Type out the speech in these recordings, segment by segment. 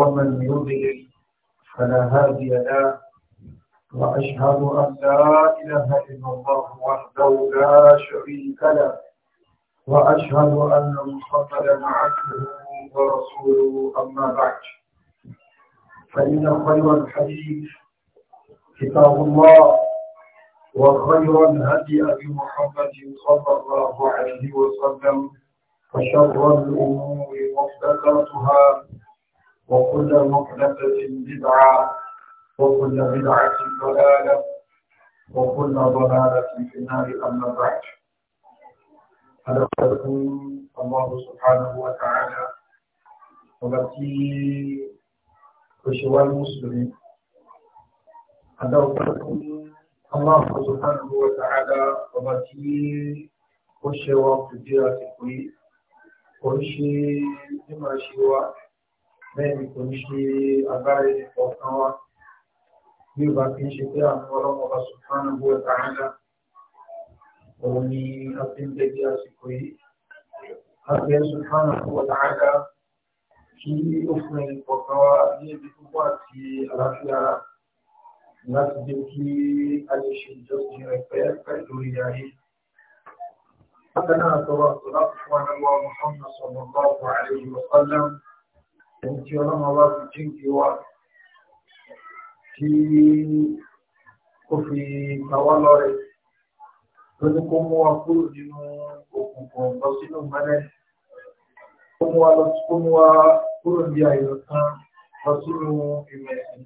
ومن يضلل فلا هادي له وأشهد أن لا إله إلا الله وحده لا شريك له وأشهد أن محمدا عبده ورسوله أما بعد فإن خير الحديث كتاب الله وخير الهدي أبي محمد صلى الله عليه وسلم وشر الأمور مصدقاتها وكل محدثة بدعة وكل بدعة ضلالة وكل ضلالة في النار أما بعد أدعوكم الله سبحانه وتعالى وبتي وشوى المسلمين أدعوكم الله سبحانه وتعالى وبتي وشوى قدرة قوي وشي بما شوى bẹ́ẹ̀ kò ní ṣe agbára ẹni kọ̀ọ̀kan wa bí ó bá fi ń ṣe pé àwọn ọlọ́mọ bá sọ fún àwọn ọgbọ́n ẹ̀ka ńlá òun ni a fi ń dẹ́gbẹ́ àsìkò yìí a fi ń sọ fún àwọn ọgbọ́n ẹ̀ka ńlá kí ó fún ẹni kọ̀ọ̀kan wa ní ibi púpọ̀ àti àlàáfíà láti jẹ́ kí a lè ṣe ìjọsìn rẹ̀ pẹ́ẹ́pẹ́ lórí ayé. Bákan náà sọ̀rọ̀ àtọ̀lá fún àwọn ọmọ Muhammad sallallahu alaihi wa sallam ẹni tí ọlọ́mọ bá fi jíǹkì wà tí ó fi tàwa lọ́rẹ̀ tó ní kó mú wa kúrò nínú òkùnkùn lọ sínú mẹ́lẹ̀ kó mú wa kúrò ní àyọ̀ kan lọ sínú ìmẹ̀sìn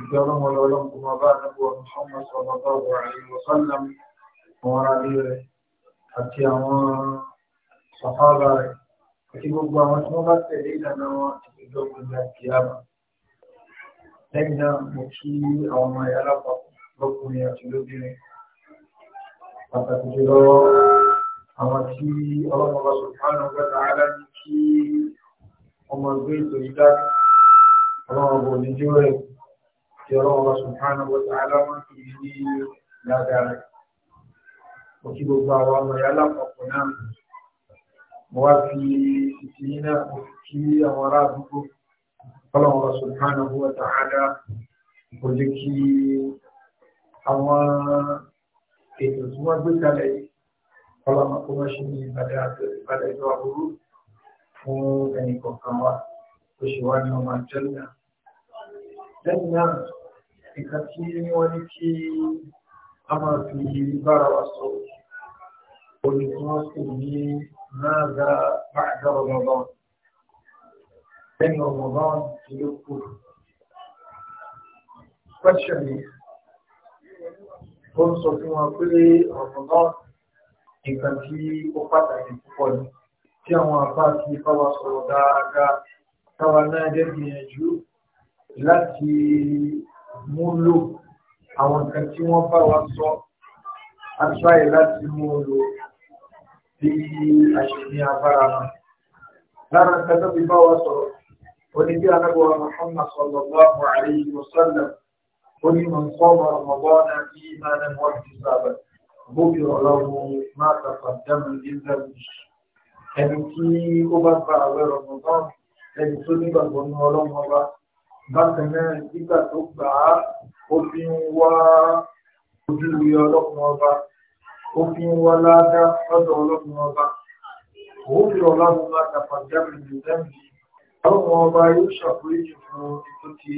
ìjọ ọlọ́mọ lọ́lọ́mọ kó máa bá àdúgbò Muhammad sallallahu alaihi wasallam àwọn ará rí rẹ̀ àti àwọn sàhábà rẹ̀ àti gbogbo àwọn tí wọ́n bá tẹ̀lé ìlànà wọn ìjọ gbogbo àkíyàmà lẹ́yìn náà mo kí àwọn ọmọ ẹ̀yà lápapọ̀ lọ́kùnrin àti lóbìnrin pàtàkì jùlọ àwọn tí ọlọ́mọba sọ̀tánù gbọ́dọ̀ ara ní kí ọmọ ẹgbẹ́ ètò ìdá ọlọ́mọba oníjó rẹ̀ tí ọlọ́mọba sọ̀tánù gbọ́dọ̀ ara máa fi ní dáadáa rẹ̀ mo kí gbogbo àwọn ọmọ ẹ̀yà lápapọ̀ náà mo wá fi ìsìn yín náà mo fi kí àwọn ará àdúgbò kọ́lọ́wọ́ subhanahu wa ta'ala kò jẹ́ kí àwọn ètò tí wọ́n gbé kalẹ̀ yìí kó má ṣe ní ìbàdà ìjọ àbúrú fún ẹnì kọ̀ọ̀kan wa ó ṣe wá ní ọmọ àjẹ́lẹ̀ lẹ́yìn náà nǹkan tí wọ́n ní kí a máa fi bára wa sọ òní tí wọ́n sì ní ماذا بعد رمضان in Ramadan to look good. Question is, ó ń sọ fún wa pé Ramadan nǹkan tí ó pàtàkì púpọ̀ ni tí àwọn àbá ti bá wa sọ̀rọ̀ dáadáa táwa náà jẹ́ gbìyànjú láti múlò àwọn nǹkan tí wọ́n bá wa sọ. A ṣáyè láti mú un lò bí a ṣe ní agbára wọn lára nǹkan tó fi bá wa sọ̀rọ̀ ó ní bí anábọ̀wá Muhammad sallallahu alayhi wa sallam ó ní mọ̀ nǹkan ọmọ ọmọbọ́nà bí máa ń wọ́n ti sábà bóbi ọlọ́run máa tàfàdámù nígbàgbé ó fi ń wá ládá lọ́dọ̀ ọlọ́run ọba òun fi ọlá mú láta pàjáwìrì lẹ́mí ọlọ́run ọba yóò ṣàforíjì fún tó ti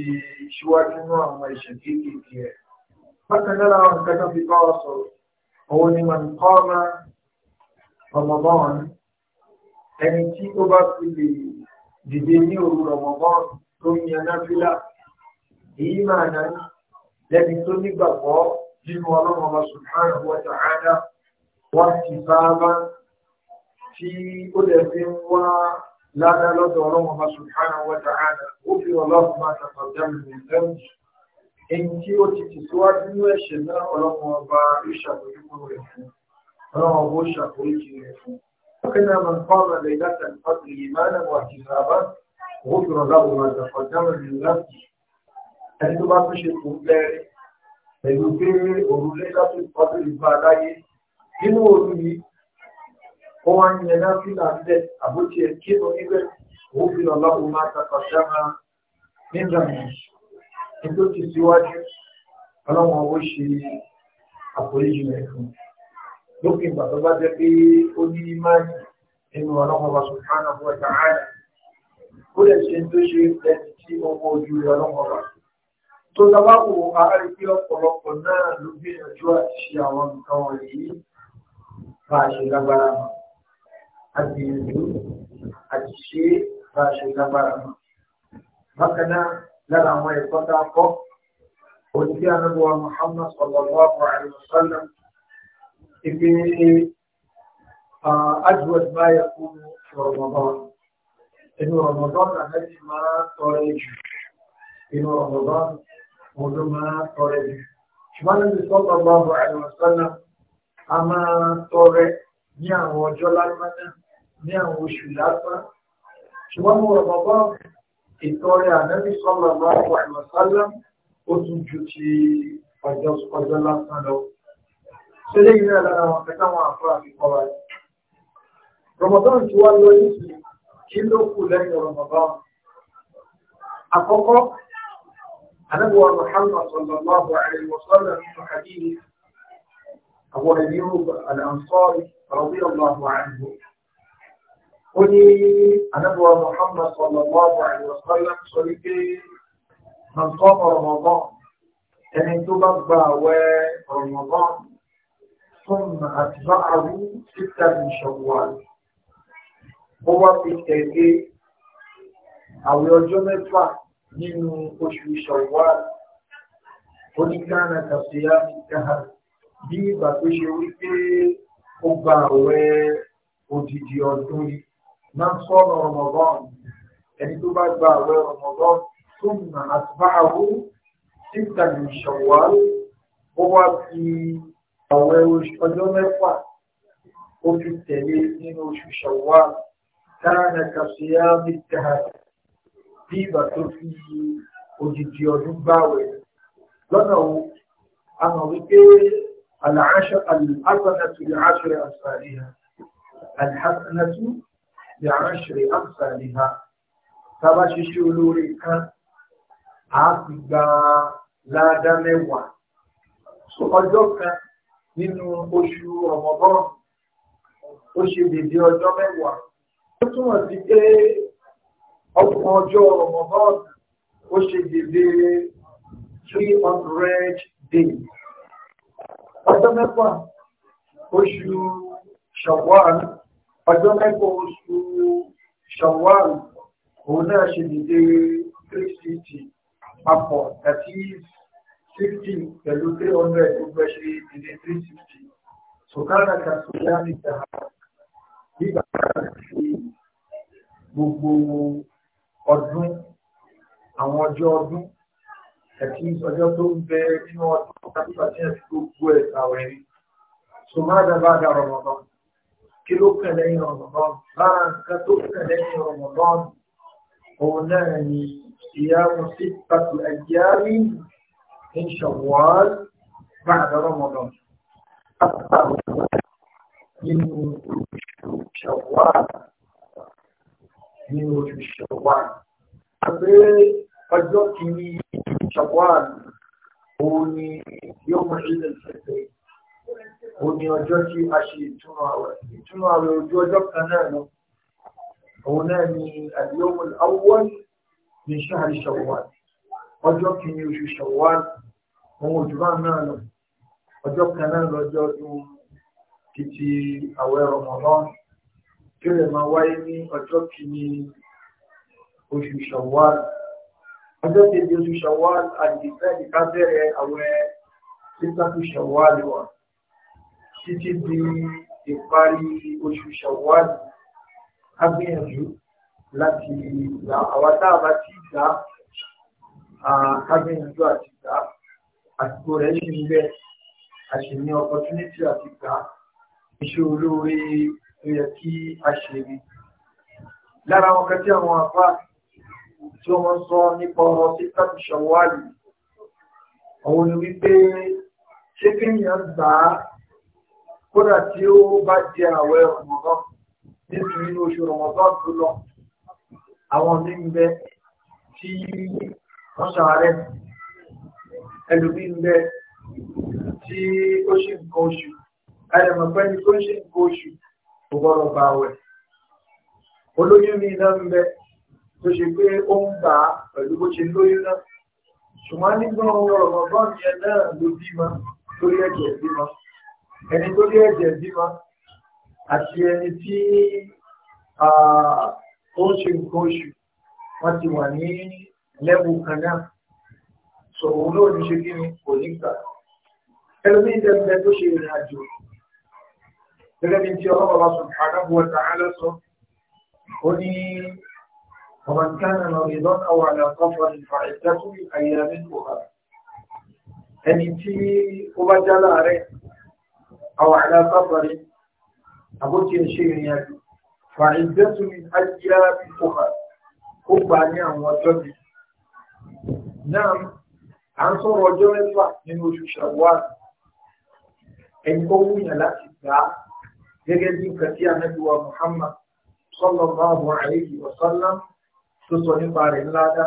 ṣíwájú ní àwọn ẹ̀ṣẹ̀ kéékèèké ẹ̀ bákan náà àwọn nǹkan tó fi bá wa sọ̀rọ̀ òun ni mà ń kọ́ Ramadan ẹni tí ó bá fi lè dìde ní òru Ramadan tó ń yan náfìlà èyí máa náà lẹ́ni tó nígbàgbọ́ دين الله سبحانه وتعالى وارتفاقا في أدبهم ولا نلد الله سبحانه وتعالى وفي الله ما تقدم من ذنب إن كيوتي تسوات نوشنا الله ما يشعر يقوله الله ما يشعر يقوله فكنا من قام ليلة القدر إيمانا واحتسابا غفر الله ما تقدم من ذنب أنتم ما تشعر يقوله pẹ̀lú pé òrùlé láti pàtó ìgbà aláyé nínú òru yìí ó wá ń yẹn náà fílà ń bẹ àbótí ẹ kí ló níbẹ̀ òun fi lọ́lá òun máa tapà sára nígbà yìí nítorí ti síwájú ọlọ́wọ́n ó ṣe àforíjì rẹ̀ fún lókè ìgbà tó bá jẹ́ pé ó ní máàlì nínú ọlọ́wọ́n wa subhanahu wa ta'ala ó lè ṣe tó ṣe ẹni tí ó ojú ọlọ́wọ́n wa sí tó dábàá wò ààrẹ pé ọ̀pọ̀lọpọ̀ náà ló gbìyànjú àti ṣe àwọn nǹkan wọ̀nyí bá a ṣe lágbára mọ́ àgbìyànjú àti ṣe bá a ṣe lágbára mọ́ bákan náà lára àwọn ẹ̀kọ́ tá a kọ́ òní tí a ń wọ Muhammad sallallahu alaihi wasallam ibi ajwad ma yakunu Ramadan inú Ramadan àmẹ́sì máa tọrẹ jù inú Ramadan òun ló máa tọrẹ jù ṣùgbọ́n níbi sọ́kọ̀ bá wà àìwọ̀sánà a máa tọrẹ ní àwọn ọjọ́ lágbájá ní àwọn oṣù lásán ṣùgbọ́n mo rọ̀ bọ́ ìtọrẹ ànábì sọ́kọ̀ bá wà àìwọ̀sánà ó tún ju ti ọjọ́ lásán lọ. ṣé lẹ́yìn náà lára àwọn kẹta àwọn àfúrà fi kọ́ wa yìí. Ramadan ti wá lọ yìí kí ló kù lẹ́yìn Ramadan. Àkọ́kọ́ anábíwá muhammad sallallahu alayhi wa sallam nínú hadith àwọn ẹ̀yọ́ al-ansari radiyallahu anhu ó ní anábíwá muhammad sallallahu alayhi wa sallam sọ wípé man qama ramadan ẹni tó bá gba àwẹ̀ ramadan ثم أتبعه ستة من شوال هو في التالي أو يوجد مدفع nínú oṣù Shawwal oníkànnà kàṣíyá ìkáhà bí ìgbà tó ṣe wípé ó gba àwẹ̀ odidi ọdún yìí máa ń sọ̀rọ̀ Ramadan ẹni tó bá gba àwẹ̀ Ramadan tó nà àtúbáwò síta ní Shawwal ó wá fi àwẹ̀ ọjọ́ mẹ́fà ó fi tẹ̀lé nínú oṣù Shawwal kànnà kàṣíyá ìkáhà bí ìgbà tó fi odidi ọdún gbáwẹ̀ lọ́nà wo a mọ̀ wípé alàáṣọ alàásọ̀nàtù lè áṣọrẹ àṣàríhà alàásọ̀nàtù lè áṣọrẹ àṣàríhà tábà ṣiṣẹ́ olóore kan a fi gba ládá mẹ́wàá so ọjọ́ kan nínú oṣù ọmọbọ́n ó ṣe dèdè ọjọ́ mẹ́wàá ó túmọ̀ sí pé ọkùn ọjọ́ Ramadan ó ṣe dèdè 300 days. ọjọ́ mẹ́fà oṣù Shawwal ọjọ́ mẹ́fà oṣù Shawwal òun náà ṣe dèdè 360 papọ̀ that is 60 pẹ̀lú 300 gbogbo ẹ̀ ṣe dèdè 360. sọ̀kánà kàṣíyá ní nígbà tí gbogbo ọdún àwọn ọjọ́ ọdún ẹ̀kí ọjọ́ tó ń bẹ nínú ọdún tàbí pàtí ẹ̀ fi gbogbo ẹ̀ sàwẹ̀ rí so má dábàá da Ramadan kí ló kàn lẹ́yìn Ramadan lára nǹkan tó kàn lẹ́yìn Ramadan òun náà ni ìyá mo sì pàtó ẹ̀jẹ̀ rí ní Shawwal bá àdá nínú Shawwal ní oṣù ṣọ̀wọ́n. Àpé ọjọ́ kìíní ṣọ̀wọ́n òun ni yóò mọ ilé ìṣẹ̀fẹ̀. Ó ní ọjọ́ tí a ṣe ìtúnu àwẹ̀. Ìtúnu àwẹ̀ ojú ọjọ́ kan náà lọ. Òun náà ni àdéhùn awọ́n ní ṣáàrí ṣọ̀wọ́n. Ọjọ́ kìíní oṣù ṣọ̀wọ́n òun òjúbá náà lọ. Ọjọ́ kan náà lọ́jọ́ ọdún títí àwẹ̀ Ramadan tí ó rẹ̀ máa wáyé ní ọjọ́ kìíní oṣù Ṣawwal ọjọ́ kejì oṣù Ṣawwal àdìsẹ́ẹ̀dì ká bẹ̀rẹ̀ àwẹ̀ títàkù Ṣawwal wa títí di ìparí oṣù Ṣawwal á gbìyànjú láti ìgbà àwọn tá a bá ti gbà kágbìyànjú àti gbà àsìkò rẹ̀ ṣì ń bẹ a sì àti gbà iṣẹ́ olóore tó yẹ kí a ṣe rí lára àwọn kan tí àwọn àpá tí wọ́n sọ nípa ọ̀rọ̀ tí tàbí ṣọwọ́àlì àwọn ni wípé ṣé kéèyàn gbà á kódà tí ó bá jẹ àwẹ̀ Ramadan nítorí inú oṣù Ramadan tó lọ àwọn ní ń bẹ tí wọ́n ṣàárẹ̀ ẹlòmíín bẹ tí ó ṣe nǹkan oṣù àyẹ̀mọ̀ pẹ́ni tó ń ṣe nǹkan oṣù kò gbọ́dọ̀ bá wẹ̀. olóyún mi náà ń bẹ tó ṣe pé ó ń bà á pẹ̀lú bó ṣe lóyún náà ṣùgbọ́n nígbà ohun ọ̀rọ̀ ọgbọ́n yẹn náà ló bímọ lórí ẹ̀jẹ̀ bímọ ẹni lórí ẹ̀jẹ̀ bímọ àti ẹni tí ó ń ṣe nǹkan oṣù wọ́n ti wà ní lẹ́wù kan náà sọ̀rọ̀ olóòdù ṣe kí ni kò ní gbà ẹlòmíín tẹ́lẹ̀ tó ṣe ìrìn àjò gẹ́gẹ́ bí tí ọlọ́wọ́ subhanahu wa ta'ala sọ ó ní ọmọ nǹkan náà lọ́rọ̀ ìdọ́nà wà ní ọ̀tọ́fọ́ nípa ìtẹ́kù àyẹ̀rẹ́ nínú ọ̀rọ̀ ẹni tí ó bá já láàárẹ̀ àwọn àlàáfàfàrí àbótí ẹ̀ṣẹ́ ìrìn àjò fàìdẹ́tù ní àjíyá ìfòkà ó gbà ní àwọn ọjọ́ bí náà à ń sọ̀rọ̀ ọjọ́ mẹ́fà nínú oṣù ṣàwọ́ ẹni kó wúyàn láti gbà á gẹ́gẹ́ bí nǹkan tí Ànábì wa Muhammad sallallahu alayhi wa sallam tó sọ nípa rẹ̀ ńláda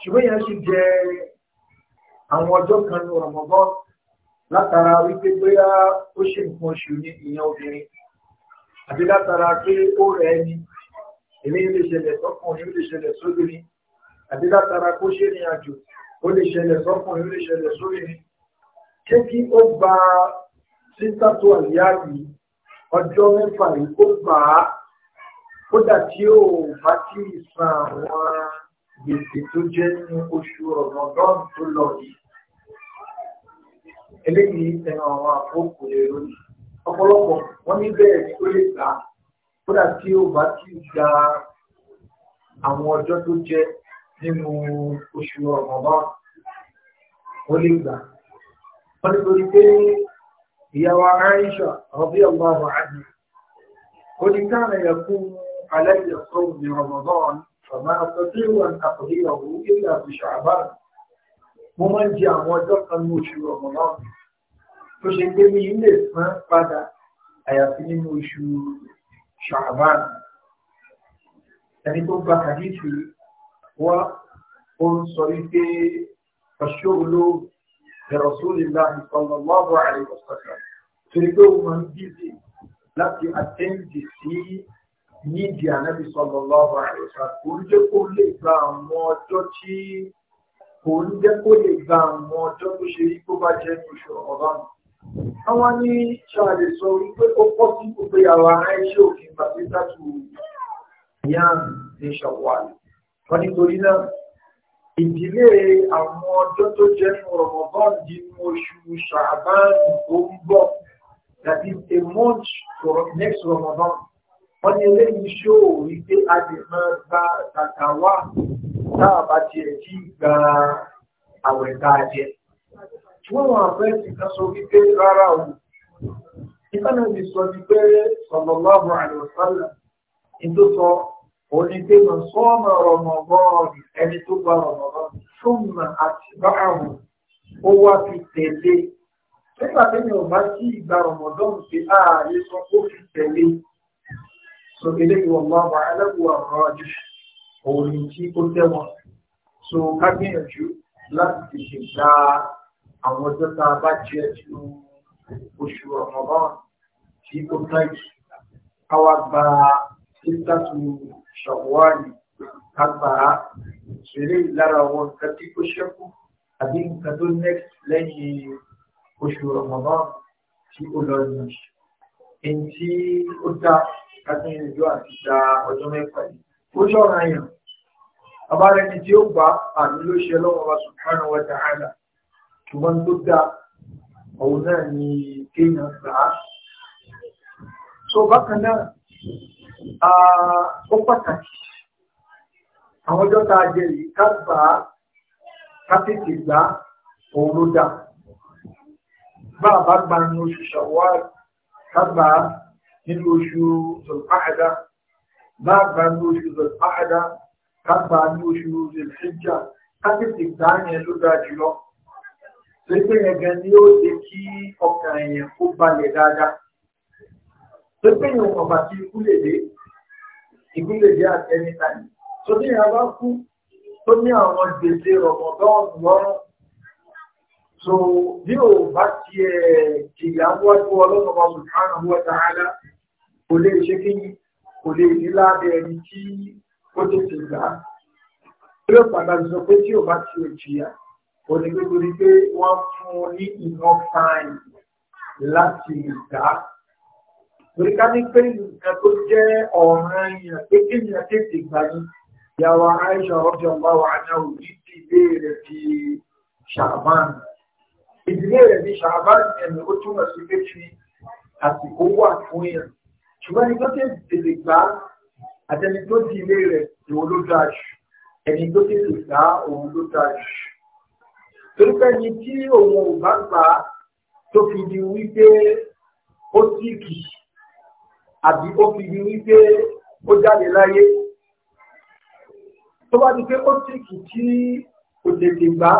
ṣùgbọ́n yẹn ṣe jẹ àwọn ọjọ́ kan ní Ramadan látara wípé bóyá ó ṣe nǹkan oṣù ní ìyẹn obìnrin àbí látara pé ó rẹ̀ ẹni èmi lè ṣẹlẹ̀ sọ́kùnrin ó lè ṣẹlẹ̀ sóbìnrin àbí látara kó ṣe ìrìn àjò ó lè ṣẹlẹ̀ sọ́kùnrin ó lè ṣẹlẹ̀ sóbìnrin ṣé kí ó gba sísàtò àyà yìí ọjọ́ mẹ́fà yìí kó gbà á kódà tí ó bá tí ì san àwọn gbèsè tó jẹ́ ní oṣù Ramadan tó lọ yìí eléyìí ẹnu àwọn àkókò èrò yìí ọ̀pọ̀lọpọ̀ wọ́n ní bẹ́ẹ̀ ni ó lè gbà á kódà tí ó bá tí ì gba àwọn ọjọ́ tó jẹ́ nínú oṣù Ramadan ó lè gbà á wọ́n ní torí pé ìyàwó Aisha radiyallahu anha oníkàrà yakun alayya sawm ní Ramadan fama àtọ́jú wọn àkọ́díyà òun ilẹ̀ àbùṣà àbáà mo máa ń jẹ àwọn ọjọ́ kan ní oṣù Ramadan tó ṣe pé mi ilé san padà àyàfi nínú oṣù Sha'ban ẹni tó gba kàdíṣì wá ó ń sọ wípé ọ̀ṣọ́ olóògùn لرسول الله صلى الله عليه وسلم فريقه من بيزي láti àtẹ́ǹdì sí nídìí ànábì sallallahu alaihi wasallam kò ń jẹ́ kó lè gba àwọn ọjọ́ tí kò ń jẹ́ kó lè gba àwọn ọjọ́ tó ṣe rí tó bá jẹ́ ní oṣù ọ̀rọ̀ àwọn ní ṣàlè sọ wípé ó pọ́ sí gbogbo ìyàwó ara iṣẹ́ òfin gbàgbé sátú ìyá ní ṣàwọ́ àlè wọ́n nítorí náà ìdílé àwọn ọjọ́ tó jẹ́ fún Ramadan nínú oṣù Sha'ban tó ń bọ̀ that a month for next Ramadan wọ́n ní eléyìí ṣó wípé a lè máa gba tàkà wá táà bá tiẹ̀ tí gba àwẹ̀ tá a jẹ. wọ́n wọ́n àfẹ́ ti kan sọ wípé rárá o ìkànnì sọ ní pé sallallahu alaihi wasallam ní tó sọ òní pé mọ̀ sọ́ọ̀mọ̀ rọmọgọ́ọ̀nì ẹni tó gba rọmọgọ́ọ̀nì súnmọ̀ àti báàrùn ó wá fi tẹ̀lé nígbà tí mi ò bá sí ìgbà rọmọgọ́ọ̀nì pé ààyè sọ pé ó fi tẹ̀lé sọ eléyìí wọn bá wà ẹlẹ́gbọ̀n ọ̀rọ̀ ọjọ́ òní tí ó tẹ̀wọ̀n so ká gbìyànjú láti tètè gba àwọn ọjọ́ tá a bá jẹ́ nínú oṣù rọmọgọ́ọ̀nì tí ó tẹ̀lé títàtù ṣàwárì kápá ṣeré lára wọn nǹkan tí kò ṣẹ́kù àbí nǹkan tó next lẹ́yìn oṣù Ramadan tí ó lọ yìí ẹni tí ó dá kájúyẹjọ àti da ọjọ́ mẹ́fà yìí ó ṣọ̀rọ̀ àyàn bàbá rẹ̀ ni tí ó gbà àmì ló ṣe lọ́wọ́ wa subhanahu wa ta'ala ṣùgbọ́n tó dá òun náà ni kéèyàn gbà á. so bákan náà ó pàtàkì àwọn ọjọ́ tá a jẹ yìí ká gbà á ká tètè gbà á òun ló dà bá a bá gba ní oṣù ṣàwọ́ọ̀lù ká gbà á nínú oṣù zolpáàdá bá a gba ní oṣù zolpáàdá ká gbà á ní oṣù zolpáàdá ká gbà á yẹn ló dáa jùlọ pépé yẹn gan ni ó ṣe kí ọkàn yẹn kó balẹ̀ dáadáa tó gbé ìwọ̀n ọ̀bà tí ikú lè dé ikú lè dé at any time tó ní ìyá bá kú tó ní àwọn gbèsè rọ̀mọ̀dọ́ọ̀nù lọ́rùn so bí o bá tiẹ̀ jìyà wájú ọlọ́run ọba subhanahu wa ta'ala kò lè ṣe kí ni kò lè ní lábẹ́ ẹni tí ó tètè gbà á tí ó padà sọ pé tí o bá tiẹ̀ jìyà kò ní gbégbé ni pé wọ́n fún un ní enough time láti gbà á torí ká ní pé nǹkan tó jẹ́ ọ̀ràn èèyàn pé kí èèyàn tètè gbà ní ìyàwó Aisha ọ̀rọ̀bí ọba wà ní òní ti ilé rẹ̀ di ṣàbán ìdílé rẹ̀ di ṣàbán ẹ̀mí ó túmọ̀ sí pé kí àsìkò wà fún èèyàn ṣùgbọ́n ní tó tètè gbà àtẹni tó di ilé rẹ̀ ìwọ ló dáa jù ẹni tó tètè gbà òun ló dáa jù torí pé tí òun ò bá gbà tó fi di wípé ó tíì kìí àbí ó fi rí wípé ó jáde láyé tó bá di pé ó tèkì tí kò tètè gbá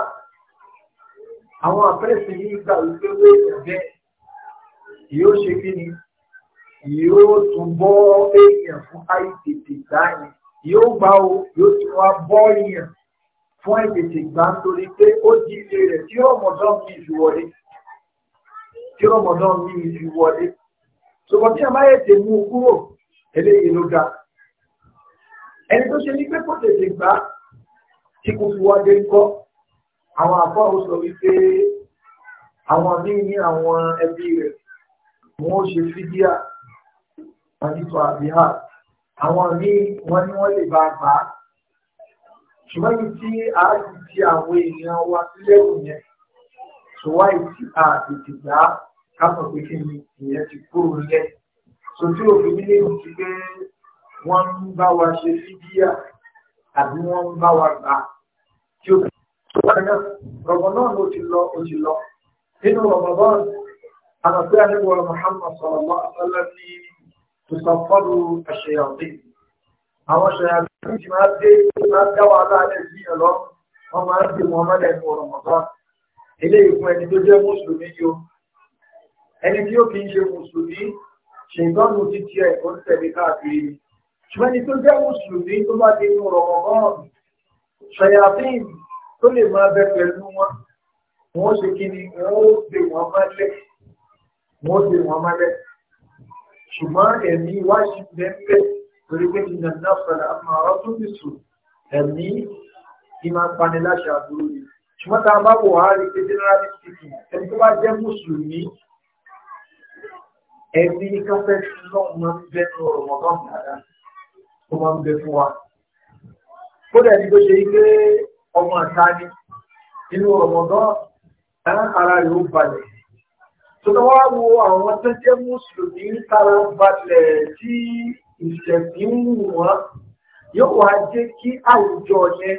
àwọn àpẹẹsì yìí gbà wípé wé ẹ̀bẹ́ yóò ṣe kí ni yóò tún bọ́ èèyàn fún àìtètè gbá yẹn yóò gbá o yóò tún wá bọ́ èèyàn fún àìtètè gbá nítorí pé ó di ilé rẹ̀ tí rọmọdán mi fi wọlé tí rọmọdán mi fi wọlé ṣùgbọ́n tí a máa yẹ tè mú kúrò eléyìí ló ga ẹni tó ṣe ní pé kò tètè gbà tí kò fi wájú kọ́ àwọn àbọ̀ ò sọ wípé àwọn míì ní àwọn ẹbí rẹ̀ wọn ò ṣe fídíà wọn àbíhà àwọn míì wọn ní wọn lè bá a gbà á ṣùgbọ́n ibi tí a ti ti àwọn èèyàn wa sílẹ̀ kù yẹn ṣùgbọ́n ibi tí a tètè gbà á kápọ̀ pé kí ni ìyẹn ti kúrò lẹ̀. so tí òfin nílé ìlú ti pé wọ́n ń bá wa ṣe fídíà àbí wọ́n ń bá wa gbà tí ó fi tó náà rọ̀bọ̀ náà ló ti lọ ó ti lọ. nínú rọ̀bọ̀ náà àná pé àníwọ̀ Muhammad sọ̀rọ̀ lọ́sọ̀lá ní tùsọ̀fọ́dù àṣeyàwó àwọn ṣèyàtọ̀ ti máa dé máa dá wàhálà alẹ́ sí ẹ̀ lọ wọ́n máa ń dè wọ́n mọ́lẹ̀ ní ọ̀rọ̀ mọ̀tọ́ ilé ìfún ẹni tó jẹ́ mùsùlùmí yìí ẹni tí ó kìí ṣe mùsùlùmí ṣèǹtọ́nù ti tiẹ̀ ó ń tẹ̀lé káàkiri ṣùgbọ́n ẹni tó jẹ́ mùsùlùmí tó bá dé inú Ramadan ṣayatin tó lè máa bẹ pẹ̀lú wọn wọ́n ṣe kí ni wọ́n ó dè wọ́n mọ́lẹ̀ wọ́n ó dè wọ́n mọ́lẹ̀ ṣùgbọ́n ẹ̀mí wá sí bẹ́ẹ̀ torí pé ní nàìjíríà àmọ́ ọ̀rọ̀ tó ti sùn ẹ̀mí kí máa pani láṣà àbúrò ṣùgbọ́n tá a bá wò á rí pé generally speaking ẹni tó bá jẹ́ mùsùlùmí ẹbí káfẹ́ lọ́wọ́ máa ń bẹ fún ọ̀rọ̀mọ̀tọ́ dáadáa tó máa ń bẹ fún wa. kódà ẹni tó ṣe ilé ọmọ àta ni inú ọ̀rọ̀mọ̀tọ́ ara rẹ̀ ó balẹ̀. tọ́tọ́ wá wo àwọn tó jẹ́ mùsùlùmí tara balẹ̀ tí ìṣẹ̀bí ń wù wọ́n yóò wá jẹ́ kí àwùjọ yẹn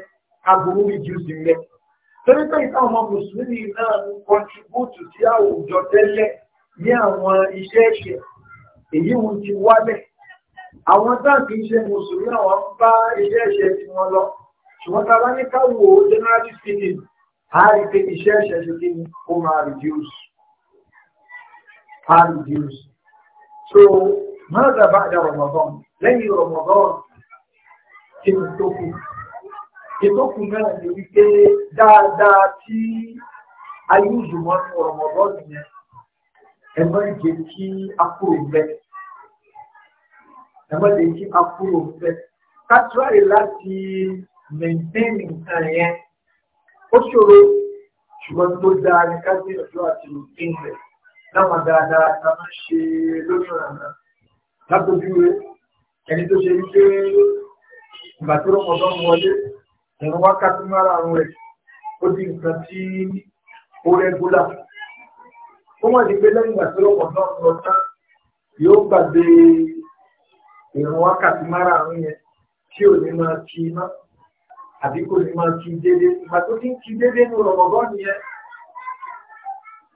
aburú bí jù torí pé ìtàn ọmọ mùsùlùmí náà ń kọ́ntribútù sí àwùjọ tẹ́lẹ̀. ní àwọn iṣẹ́ ẹ̀ṣẹ̀ èyí wọn ti wálẹ̀ àwọn táàkì iṣẹ́ mùsùlùmí àwọn bá iṣẹ́ ẹ̀ṣẹ̀ tí wọ́n lọ ṣùgbọ́n tá bá ní ká wo generally speaking a rí pé iṣẹ́ ẹ̀ṣẹ̀ ṣe so máa dàbá àdá Ramadan lẹ́yìn Ramadan kí ni tó kù ìtókù náà ni wípé dáadáa tí ayé nìyẹn ẹ má jẹ́ kí akúrò ń bẹ́ ẹ má jẹ́ kí akúrò ń bẹ́ ká tíráì láti maintain nǹkan yẹn ó ṣòro ṣùgbọ́n tó dáa ní ká gbìyànjú àti òfin rẹ̀ láwọn dáadáa ká má ṣe lónìí ọ̀nà lápòjúwe ẹni tó ṣe wípé ìgbà tó rọ́mọdọ́ wọlé ẹ̀rọ wákàtí márùn-ún rẹ̀ ó di nǹkan tí ó rẹ́gúlà ó wọ́n ti gbé lẹ́yìn ìgbà tí ọkọ̀ náà ń lọ tán yóò gbàgbé ìrun wákàtí márààrún yẹn tí ò ní máa kí iná àbí kò ní máa kí dédé ìgbà tó ti ń kí dédé ní rọ̀mọ̀gán nìyẹn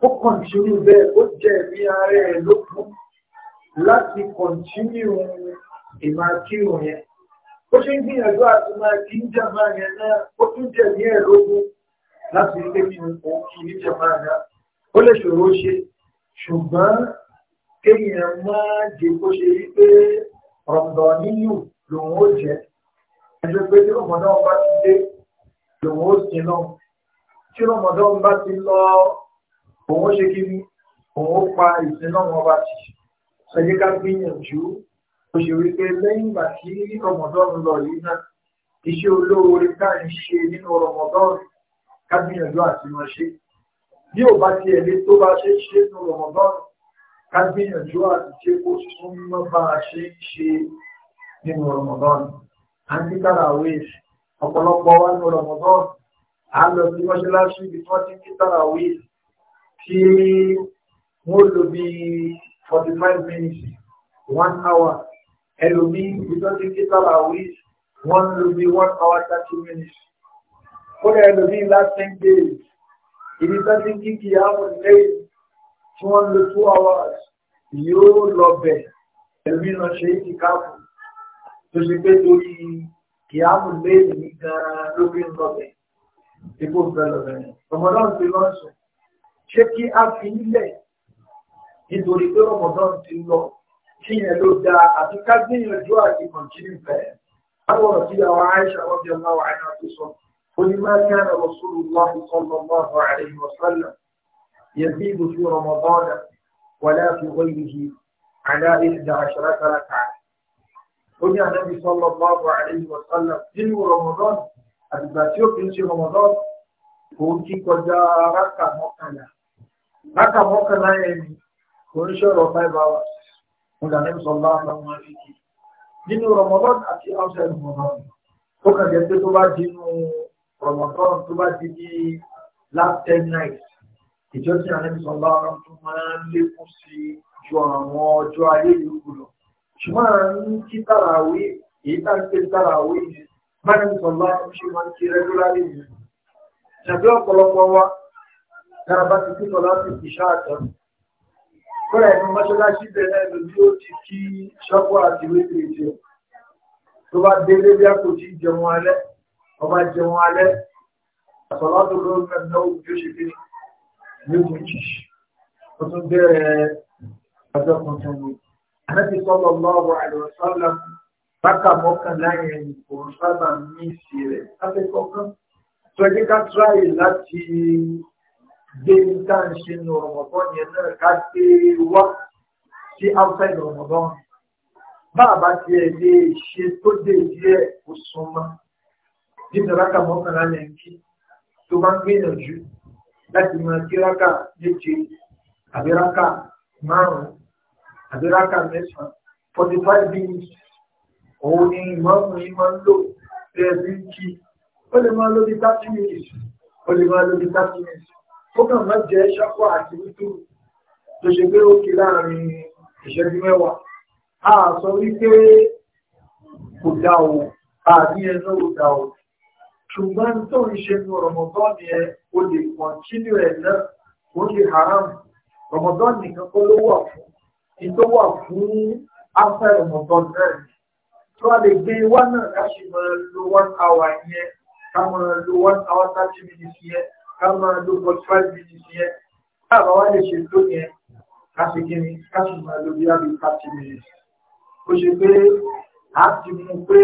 ó kọ̀ǹtínú bẹ́ẹ̀ ó jẹ́ ẹ̀mí ara ẹ̀ lókun láti kọ̀ǹtínú ìmọ̀ akírun yẹn ó ṣe ń gbìyànjú àti máa kí ń jàmáà yẹn náà ó tún jẹ̀mí ẹ̀ lókun láti rí pé kí n kò kí ní náà ó lè ṣòro ṣe ṣùgbọ́n kéèyàn máa jẹ kó ṣe rí pé ọ̀dọ̀ níyù lòun ó jẹ́ ẹjọ́ pé tí rọmọdán bá ti dé lòun ó sin lọ tí rọmọdán bá ti lọ òun ó ṣe kí òun ó pa ìsin náà wọn bá ti ṣẹjẹ ká gbìyànjú ó ṣe wí pé lẹ́yìn ìgbà tí rọmọdán lọ yìí náà iṣẹ́ olóore ká ń ṣe nínú rọmọdán ká gbìyànjú àti wọn ṣe bí ò bá ti ẹ̀lé tó bá ṣe ṣe ní rọmọdọ́rùn ká gbìyànjú àti ṣe kó súnmọ́ bá a ṣe ń ṣe nínú rọmọdọ́rùn à ń kí kára àwé ọ̀pọ̀lọpọ̀ wá ní rọmọdọ́rùn à ń lọ sí mọ́ṣáláṣí ibi tí wọ́n ti ń kí kára àwé tí wọ́n lò bí forty five minutes one hour ẹlòmíì ibi tí wọ́n ti ń kí kára àwé wọ́n lò bí one hour thirty minutes kódà ẹlòmíì last ten days ibi tó ti kí kí àwọn lẹ́yìn tí wọ́n lo two hours yóò lọ bẹ̀ ẹ̀mí lọ ṣe é ti káàbù tó ṣe pé torí kí àwọn lẹ́yìn ní gan-an ló fi ń lọ bẹ̀ ipò fẹ́ lọ bẹ̀ ọmọdún ti lọ sùn ṣé kí a fi nílẹ̀ nítorí pé ọmọdún ti lọ kí yẹn ló dáa àti ká gbìyànjú àti kọ̀ǹtínú bẹ̀rẹ̀ àwọn ọ̀rọ̀ tí àwọn aṣọ àwọn ọmọ wa ẹni àti sọ̀tún. ولما كان رسول الله صلى الله عليه وسلم يزيد في رمضان ولا في غيره على إحدى عشرة ركعة قلنا النبي صلى الله عليه وسلم إن رمضان أتباتيو في رمضان كنت قد ركع مقلا ركع مقلا يعني كنت شهر فايبا قل النبي صلى الله عليه وسلم nínú rọmọdán àti ọ̀sẹ̀ rọmọdán ó kàn jẹ́ pé Ramadan tó bá ti di last ten nights ìjọsìn àlẹ́bísọ̀lá ọ̀rọ̀ tó máa ń lékún sí ju àwọn ọjọ́ ayé yòókù lọ. ṣùgbọ́n àárín kí tàràwé èyí tá ń pè tàràwé yìí bálẹ́bísọ̀lá ṣe máa ń kí rẹ́gúlárì yìí. ṣàbí ọ̀pọ̀lọpọ̀ wa dára bá ti kí sọ̀lá ti fi ṣáàtọ̀. kọ́ra ẹ̀mí mọ́ṣáláṣí bẹ̀rẹ̀ lójú ó ti kí ṣọ́kọ́ àti wéde ìjẹun. tó bá délé bí a kò ti jẹun alẹ́ ọba jẹun alẹ́ àtọ̀lọ́dún ló ń náà bí ó ṣe kí ní ojú jì ó tún bẹ̀rẹ̀ ọjọ́ tuntun ni àmẹ́tí sọ́lọ́ lọ́wọ́ àlùsọ́lá bákà mọ́kànlá yẹn ni kò ń sábà ní ìsì rẹ̀ láfẹ́kọ̀ọ́ kan tó ẹjẹ́ ká tíráyè láti gbé ní tá à ń yẹn náà ká gbé wá sí outside ọ̀mọ̀gbọ́n bá a bá tiẹ̀ lè ṣe tó dé díẹ̀ kó súnmọ́ nítoraka mọ́kànlá lẹ́ ń kí tó bá ń gbìyànjú láti máa kí ráka méje àbí ráka márùn-ún àbí ráka mẹ́sàn-án forty five minutes òun ni ìmọ̀ọ́mù yìí máa ń lò bẹ́ẹ̀ bí ń kí ó lè máa lóbi thirty minutes ó lè máa lóbi thirty minutes ó kàn máa jẹ́ ṣáfọ́ àti wípé tó ṣe pé ó kí láàrin ìṣẹ́jú mẹ́wàá a sọ wípé kò dá o àbí ẹnu ò dá o ṣùgbọ́n tó ń ṣe ní rọmọdọ́ọ̀nì ẹ o lè kọ̀ntínú ẹ̀ náà o lè haram rọmọdọ́ọ̀nì nìkan kó ló wà fún ní tó wà fún afẹ́ rọmọdọ́ọ̀nì náà tó a lè gbé wá náà ká ṣe máa lo one hour yẹn ká máa lo one hour thirty minutes yẹn ká máa lo forty five minutes yẹn ká bá wá lè ṣe tó yẹn ká ṣe kí ni ká ṣe máa lo bí i thirty minutes ó ṣe pé a ti mú pé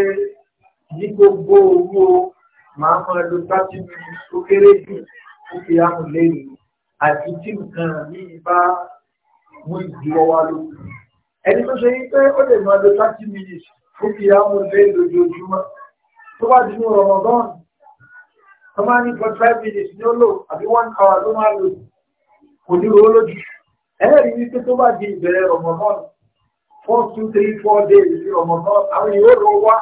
ní gbogbo owó máa máa lo thirty minutes ó kéré jù ó fi àmú lẹ́yìn àti tí nǹkan yìí bá mú ìdíwọ́ wá lókun. ẹni tó ṣe yí pé ó lè máa lo thirty minutes ó fi àmú lẹ́yìn lójoojúmọ́ tó bá dínú Ramadan tó máa ní for five minutes ní ó lò àbí one hour ló máa lò kò ní owó lójú. ẹlẹ́rìí wípé tó bá di ìbẹ̀rẹ̀ Ramadan four two three four days ní Ramadan àwọn yóò rọ wá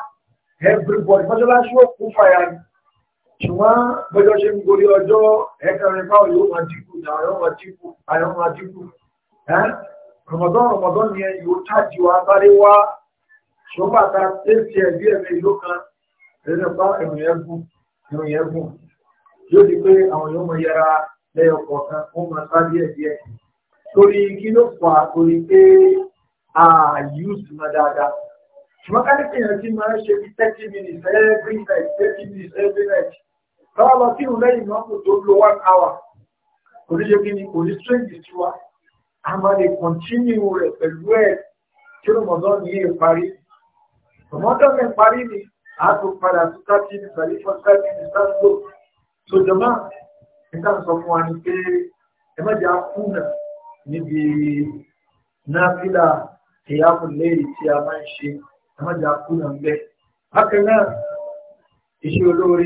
everybody mọ́ṣáláṣí ó kú fàyà ni ṣùgbọ́n bọ́jọ́ ṣe ń gorí ọjọ́ ẹ̀kẹrin fáwọn yóò máa dínkù àyọ́ máa dínkù àyọ́ máa dínkù rọmọdán rọmọdán ni ẹ yóò tájì wá sáré wá ṣùgbọ́n àta tẹ́sí ẹ̀ bí ẹ̀mí ìlú kan ẹ̀rọ pa ẹ̀rùn yẹn gùn ẹ̀rùn yẹn gùn yóò di pé àwọn yóò máa yẹra lẹ́yọ kọ̀ọ̀kan wọ́n máa sá díẹ̀ díẹ̀ torí kí ló fà á torí pé àyùsùn máa dáadáa ṣùgbọ́n ká ní kéèyàn ti máa ṣe bí tọ́wọ́ lọ kírun lẹ́yìn mọ́mù tó lo one hour kò ní ṣe kí ni kò ní strange tí wa a máa lè continue rẹ̀ pẹ̀lú ẹ̀ tí rọmọdán ní yé parí rọmọdán ní parí ni a tó padà tó thirty ní pẹ̀lú for thirty ní sáńdó so jọ̀mọ́ nígbà sọ fún wa ni pé ẹ má jẹ́ àkúnà níbi náfìlà ìyàwó lẹ́yìn tí a máa ń ṣe ẹ má jẹ́ àkúnà ń bẹ́ẹ̀ bákan náà iṣẹ́ olóore.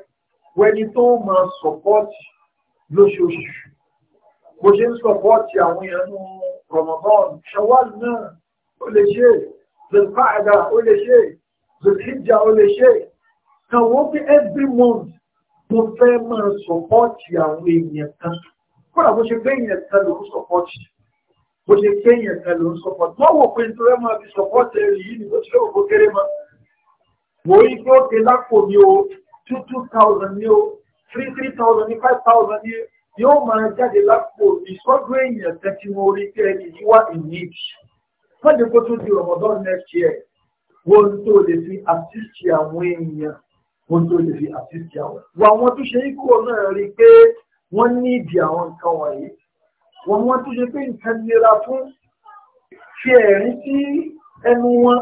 wẹni tó máa sọpọ́ọ̀tì lóṣooṣù bó ṣe ń sọpọ́ọ̀tì àwọn èèyàn nù Ramadan Shawwal náà ó lè ṣe zulqaada ó lè ṣe zulhijja ó lè ṣe kan wọ́n pé every month mo fẹ́ máa sọpọ́ọ̀tì àwọn èèyàn kan kódà bó ṣe pé èèyàn kan ló ń sọpọ́ọ̀tì bó ṣe pé èèyàn kan ló ń sọpọ́ọ̀tì wọ́n wò pé nítorí máa fi sọpọ́ọ̀tì rẹ̀ yìí ni bó ṣe wò kó kéré mọ́ wòye kí ó ké lápò mi o two two thousand ní o three three thousand ní five thousand ní yóò máa jáde lápò ìsọdún èèyàn tẹ́tí wọn orí tẹ́ ẹni yìí wá ìníjì wọ́n lè kó tó di Ramadan next year wọ́n tó lè fi assist àwọn èèyàn wọ́n tó lè fi assist àwọn. wọ àwọn tó ṣe ikú náà rí i pé wọ́n ní ìdí àwọn nǹkan wọ̀nyí wọ́n wọ́n tó ṣe pé nǹkan nira fún fi ẹ̀rín sí ẹnu wọn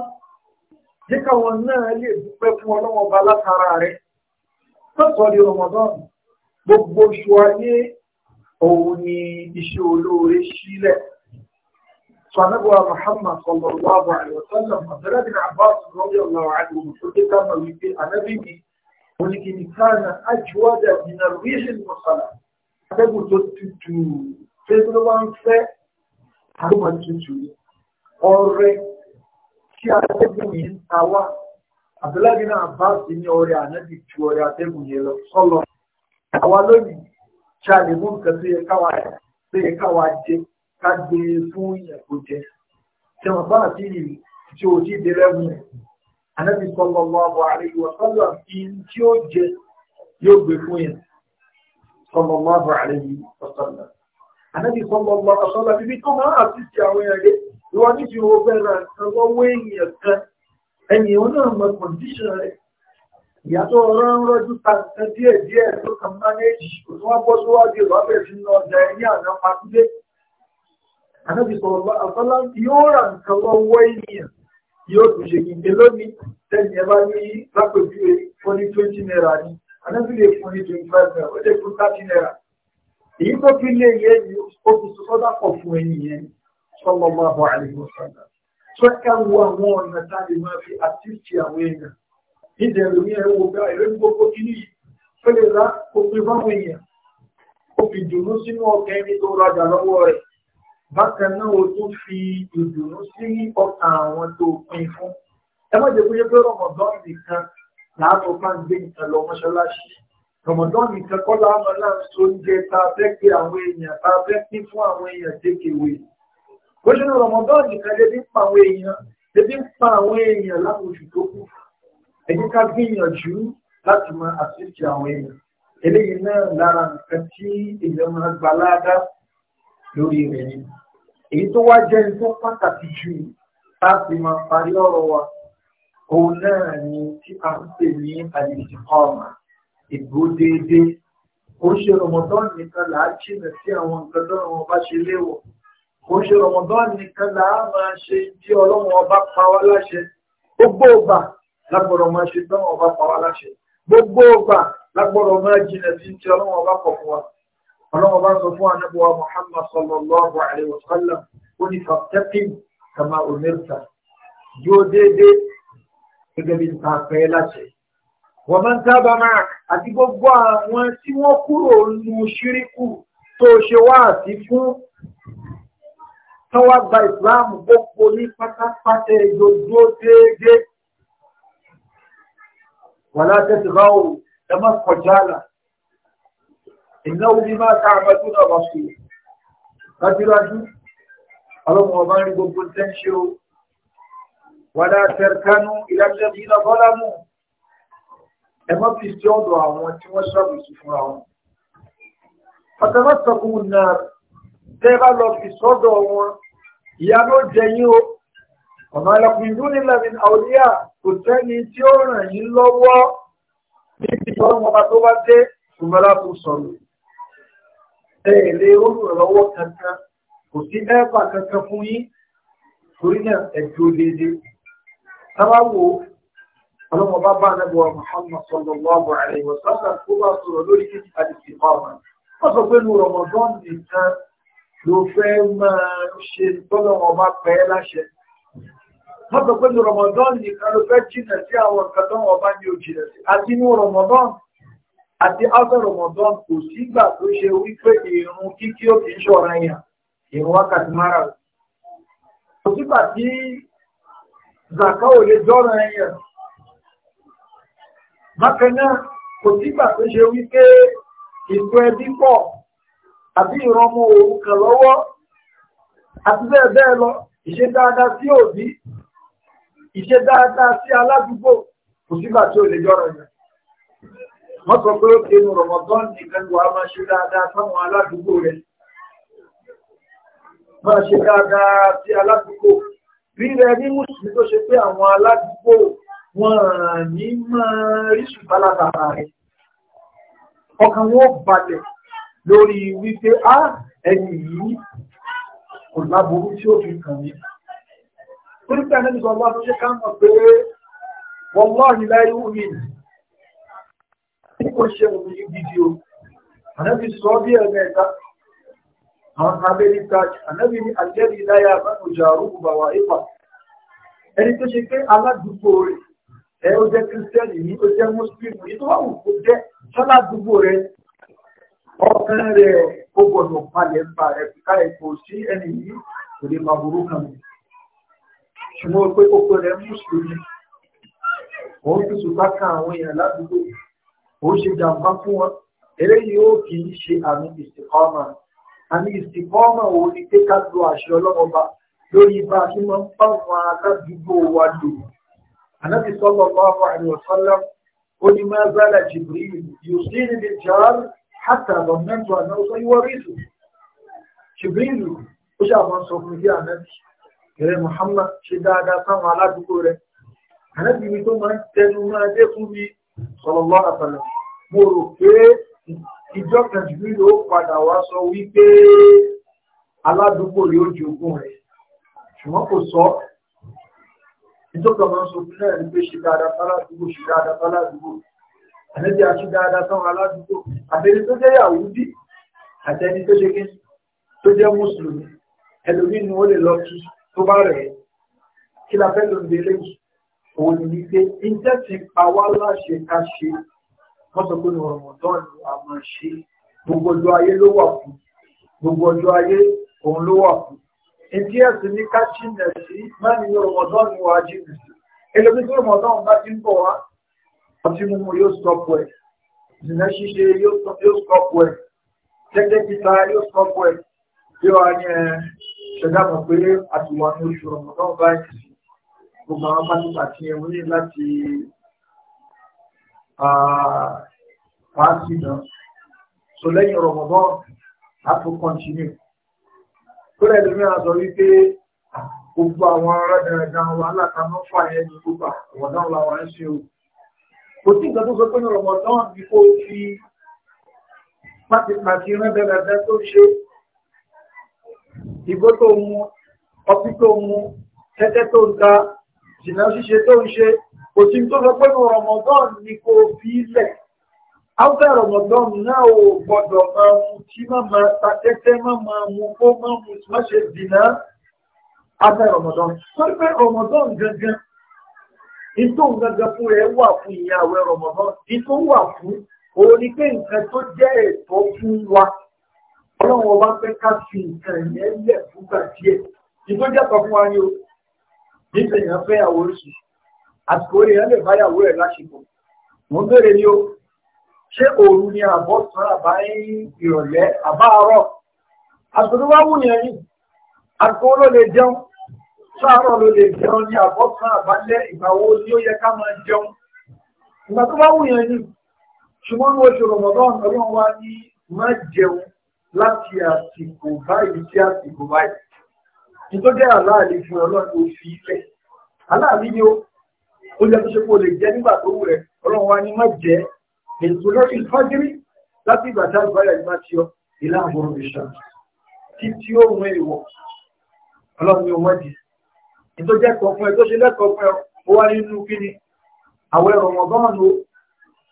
jẹ́ káwọn náà lè dúpẹ́ fún ọlọ́wọ́n látara rẹ̀ sọ́sọ́ di Ramadan gbogbo oṣù ayé òun ni iṣẹ́ olóore sílẹ̀ sanabuwa Muhammad sallallahu alaihi wa sallam abdullahi bin Abbas radiyallahu anhu tó dé kama wípé anabi mi oníkìní kánà ajíwádà nínú ríṣin mọ́sálà atẹ́gùn tó tutù fẹ́ẹ́ ló wá ń fẹ́ àlùmọ̀ tutù ọrẹ tí atẹ́gùn yìí ń ta wá abdullahi bin abbas ní ọrẹ ànábì ju ọrẹ atẹ́gùn yẹn lọ sọlọ àwa lónìí ṣe àlè mú nǹkan tó yẹ káwa tó yẹ káwa jẹ ká gbé e fún yẹn kó jẹ tẹmọ bá àti yìí tí o ti dé lẹ́gùn yẹn ànábì sọlọ lọ àbọ̀ àríyí wọn sọlọ àti tí ó jẹ yóò gbé fún yẹn sọlọ lọ àbọ̀ àríyí wọn sọlọ ànábì sọlọ lọ àṣọlọ bíbí tó máa àti ti àwọn ẹ̀rẹ́ ìwọ ní wo fẹ́ràn àwọn kan ẹni òun náà mọ kọ̀ǹdíṣàn rẹ̀ ìyàtọ̀ ọ̀rọ̀ ń rọ́jú tàǹtàn díẹ̀ díẹ̀ tó kàn mánéjì kò tí wọ́n bọ́ síwájú ìlú abẹ́sí ń lọ ọjà ẹni àná pàtúndé ànábì sọ̀rọ̀ àfọlá yóò rà nǹkan lọ́wọ́ ènìyàn yóò tún ṣe kíkẹ́ lónìí tẹ́ni ẹ bá ní lápèjúwe fún ní twenty naira ni ànábì lè fún ní twenty five naira ó lè fún thirty naira èyí tó fi lé yẹ ni ó fi sọ́dá pọ̀ fún ẹni yẹn sọ́mọ́ máa bọ̀ àlejò sọ́dá sọ́kà wo àwọn ọ̀nà tá a lè máa fi àtìsí àwọn èèyàn nídìí ẹ̀rọ ní ẹ̀rọ ògbà ẹ̀rọ gbogbo kìíní yìí ó lè ra òpin fáwọn èèyàn ó fi dùnú sínú ọkàn ẹni tó rajà lọ́wọ́ rẹ̀ bákan náà o tún fi ìdùnnú sí ọkàn àwọn tó pin fún ẹ má jẹ́ kóyé pé rọmọdán nìkan láàtọ̀ bá ń gbé nǹkan lọ mọ́ṣáláṣí rọmọdán nìkan kọ́ láàmú láàmú tó ń jẹ tá a fẹ́ pé àwọn èèyàn tá a fẹ́ pín fún àwọn èèyàn dékèwé kó ṣe ní Ramadan nìkan lè fi ń pa àwọn èèyàn lè fi ń pa àwọn èèyàn láwọn oṣù tó kù ẹ jẹ́ ká gbìyànjú láti máa àṣìṣe àwọn èèyàn eléyìí náà lára nǹkan tí èèyàn máa gbà láàdá lórí rẹ̀ ni èyí tó wá jẹ́ ní tó pàtàkì jù láti máa parí ọ̀rọ̀ wa òun náà ni tí a ń pè ní àlejò ọmọ ìgbó déédéé ó ṣe Ramadan nìkan làá jìnà sí àwọn nǹkan tó wọn bá ṣe léwọ̀ kò ṣe rọmọdán nìkan là á máa ṣe tí ọlọ́run ọba pa wá láṣẹ gbogbo ọgbà lágbọ́dọ̀ máa ṣe tí ọlọ́run ọba pa wá láṣẹ gbogbo ọgbà lágbọ́dọ̀ máa jìnà sí tí ọlọ́run ọba kọ̀ fún wa ọlọ́run ọba sọ fún anábọ̀wá Muhammad sallallahu alayhi wa sallam ó ní fàtẹ́kì kama omerta yóò déédéé gẹ́gẹ́ bí nǹkan àpẹẹ láṣẹ wọ́n máa ń tábà máa àti gbogbo àwọn tí wọ́n kúrò nù tó wá gba ìsìláàmù gbogbo ní pátápátá ìjọjọ́ déédé wà látẹ́sì ráwò ẹmọ́ kọjáàlà ìnáwó ní máa ta àmọ́jú náà wà sí rájúrájú ọlọ́mọ ọba ń rí gbogbo tẹ́ ń ṣe o wà látẹ́rì kánú bí iná bọ́lámù ẹmọ́ fi sí ọ̀dọ̀ àwọn tí wọ́n ṣàbùsù fúnra wọn. Fatamasa náà tẹ́ bá lọ fi sọ́dọ̀ wọn ìyá ló jẹ yín o ọ̀nà ẹlẹ́kùnrin dún nílẹ̀ ní àwòlíyà kò sẹ́ni tí ó ràn yín lọ́wọ́ níbi ìtọ́rọ̀ ọba tó bá dé ṣùgbọ́n tó sọ̀rọ̀ ẹ̀ lè olùrànlọ́wọ́ kankan kò sí ẹ́ẹ̀bà kankan fún yín torí náà ẹ̀jọ́ déédéé sábàwò ọlọ́mọba bá anábọ̀ Muhammad sallallahu alaihi wasallam tó bá sọ̀rọ̀ lórí kíkí àdìsí ọ̀rọ̀ wọ́n sọ pé nù Ramadan nìkan ló fẹ́ máa ṣe tọ́lọ̀ wọn bá pẹ́ láṣẹ. Wọ́n sọ pé ní Ramadan nìkan ló fẹ́ jìnà sí àwọn nǹkan tó wọn bá ní o jìnà sí. Àti inú Ramadan àti outer Ramadan kò sígbà tó ṣe wípé ìrun kíkí ó kì í ṣọ̀ra yàn ìrun wákàtí mara. Kò sígbà tí Zaka ò lè jọ́ra yàn. Bákan náà, kò sígbà tó ṣe wípé ìtọ́ ẹbí pọ̀ àbí ìrọmọ òrukàn lọ́wọ́ àti bẹ́ẹ̀ bẹ́ẹ̀ lọ ìṣe dáadáa sí òbí ìṣe dáadáa sí aládùúgbò kò sígbà tí ò lè jọrọ̀ yẹn wọ́n sọ pé ó kéwòn rọ̀mọ́tán nìkan wà máa ṣe dáadáa sáwọn aládùúgbò rẹ̀ máa ṣe dáadáa sí aládùúgbò rírẹ ní mùsùlùmí tó ṣe pé àwọn aládùúgbò wọn ní máa rí ṣùgbọ́n látara ọkàn wọn balẹ̀ lórí wípé á ẹni yìí kò láburú tí ó fi kàn mí. Torí pé ẹni sọ wọ́n ṣe ká mọ̀ pé wọ́n wọ́n ní láyé wù mí. Kò ṣe òun ní gidi o. Ànábi sọ bí ẹ̀mẹ́ ẹ̀ta. Àwọn Amẹ́ríkà ànábi ní àjẹ́bí láyà àbánujà àrùn bàwà ìpà. Ẹni tó ṣe pé aládùúgbò rẹ̀ ẹ ó jẹ́ kírísítẹ́nì ní ó jẹ́ mùsùlùmí ní tó wà wù kó jẹ́ sọ́ládùúgbò rẹ̀ ọkàn rẹ̀ ó gbọ́dọ̀ palẹ̀ ń ba rẹ̀ kíká rẹ̀ kò sí ẹni yìí kò lè máa burú kan mi. ṣùgbọ́n pé kókó rẹ̀ mùsùlùmí òun fi ṣùgbọ́n kan àwọn èèyàn ládùúgbò òun ṣe jàǹbá fún wọn eléyìí ó kì í ṣe àmì ìsìnkọ́mà àmì ìsìnkọ́mà ò ní pé ká lo àṣẹ ọlọ́mọba lórí bá a ṣe ń bá wọn aládùúgbò wa lò. ànábì sallallahu alaihi wasallam ó ní máa zálà Jibril yusini bil jar حتى ظننت أنه سيورثني جبريل وش أبغى نصرف من فيها النبي يا محمد شدة على سمع على دكورة النبي مثل ما تلو ما تفهمي صلى الله عليه وسلم mo rò pé ìjọ kan jùlọ ó padà wá sọ wípé aládùúgbò yóò jogún rẹ̀ ṣùgbọ́n kò sọ ìjọba máa ń sọ fún náà ní pé ṣe dáadáa fún aládùúgbò ṣe dáadáa fún aládùúgbò àlejò àti dáadáa sáwọn aládùúgbò àtẹni tó jẹ́ yàwúdí àtẹni tó jẹ́ kí tó jẹ́ mùsùlùmí ẹlòmínú ó lè lọ kí tó bá rẹ̀ kí la fẹ́ lóun délé yìí òun ni wípé iṣẹ́ ti pa wá láṣẹ ká ṣe wọ́n sọ pé ọ̀rọ̀ tọ́ọ̀nù a máa ṣe gbogbo ọjọ́ ayé ló wà fún gbogbo ọjọ́ ayé òun ló wà fún ìdí ẹ̀sìn ní ká jìnà sí má ní ọ̀rọ̀ tọ́ọ̀nù wa jìnà sí ẹlòmínú ọ̀rọ̀ tọ́ọ̀nù bá ti ìsìnà ṣíṣe yóò stọ́pù ẹ̀ tẹ́tẹ́ títa yóò stọ́pù ẹ̀ tí wà ní ẹ̀ ṣẹ̀dá mọ̀ pé àtiwà ní oṣù ọ̀mọ̀dán báyìí sí gbogbo àwọn pátítà tí ẹ̀ wọ́n ní láti pàásì náà so lẹ́yìn ọ̀mọ̀dán a tún kọ́ntínú tó rẹ̀ lómi àzọ wípé gbogbo àwọn rẹ̀dẹ̀rẹ̀dẹ̀ àwọn alákanọ́fà yẹn ní gbogbo àwọn ọ̀dọ́ làwọn ń ṣe òkú kò sí nǹkan tó sọ pé ní Ramadan bí kò fi pàtìpàtì rán dáadáa tó ṣe ìgbó tó mu ọtí tó mu tẹ́tẹ́ tó ń ta jìnnà ṣíṣe tó ń ṣe kò tó sọ pé ní Ramadan ni kò fi lẹ̀ áwùjọ Ramadan náà ò gbọdọ̀ máa mu tí má máa ta tẹ́tẹ́ má máa mu kó má mu má ṣe dìnnà áwùjọ Ramadan torí pé Ramadan gangan ìtò gangan fún rẹ̀ wà fún ìyá àwẹ̀ rọ̀mọ̀dán ìtò wà fún òun ni pé nǹkan tó jẹ́ ẹ̀tọ́ fún wa ọlọ́run ọba fẹ́ ká fi nǹkan yẹn lẹ̀ fúgbà díẹ̀ ìtò jẹ́tọ̀ fún wa ni o nígbà èèyàn fẹ́ yàwó oṣù àsìkò èèyàn lè bá yàwó ẹ̀ láṣepọ̀ mo ń béèrè ni o ṣé òru ni àbọ̀ sàn àbá ìrọ̀lẹ́ àbá àárọ̀ àsìkò tó wá wù ní ẹ̀yìn àsìkò ló jẹun sáàrọ̀ ló lè jẹun ní àbọ̀tán àbálẹ́ ìgbàwó tí ó yẹ ká máa jẹun ìgbà tó bá wù yẹn ni ṣùgbọ́n ní oṣù rọmọdán ọlọ́run wá ní má jẹun láti àsìkò báyìí sí àsìkò báyìí nítorí jẹ́ aláàlè fún ọlọ́run ó fi ilẹ̀ aláàlè ni ó ó jẹ́ tó ṣe kó lè jẹ́ nígbà tó wù rẹ̀ ọlọ́run wá ní má jẹ́ ètò lórí ìfájírí láti ìgbà tá ìbáyà ìgbà tí ó ilé àbúrò tó jẹ́ kọ̀ fún ẹ tó ṣe lẹ́kọ̀ọ́ fún ẹ ó wá nínú kí ni àwẹ̀ Ramadan o